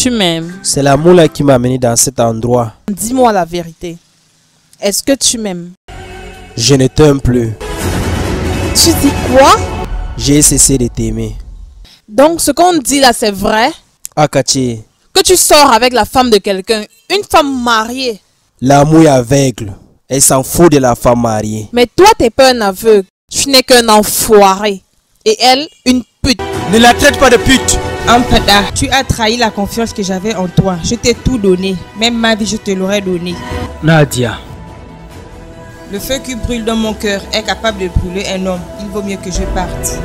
Tu m'aimes. C'est l'amour là qui m'a mené dans cet endroit. Dis-moi la vérité. Est-ce que tu m'aimes Je ne t'aime plus. Tu dis quoi J'ai cessé de t'aimer. Donc ce qu'on dit là, c'est vrai Akachi. Que tu sors avec la femme de quelqu'un, une femme mariée. L'amour est aveugle. Elle s'en fout de la femme mariée. Mais toi, t'es pas un aveugle. Tu n'es qu'un enfoiré. Et elle, une ne la traite pas de pute. Ampada, tu as trahi la confiance que j'avais en toi. Je t'ai tout donné. Même ma vie, je te l'aurais donnée. Nadia. Le feu qui brûle dans mon cœur est capable de brûler un homme. Il vaut mieux que je parte.